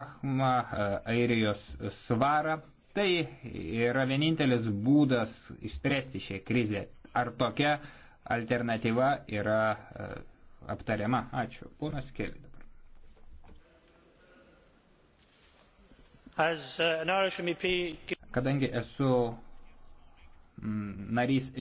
drachmą, e, airijos svarą. Tai yra vienintelis būdas išspręsti šią krizę. Ar tokia alternatyva yra e, aptariama? Ačiū. Ponas Keli dabar. Uh, Kadangi esu mm, narys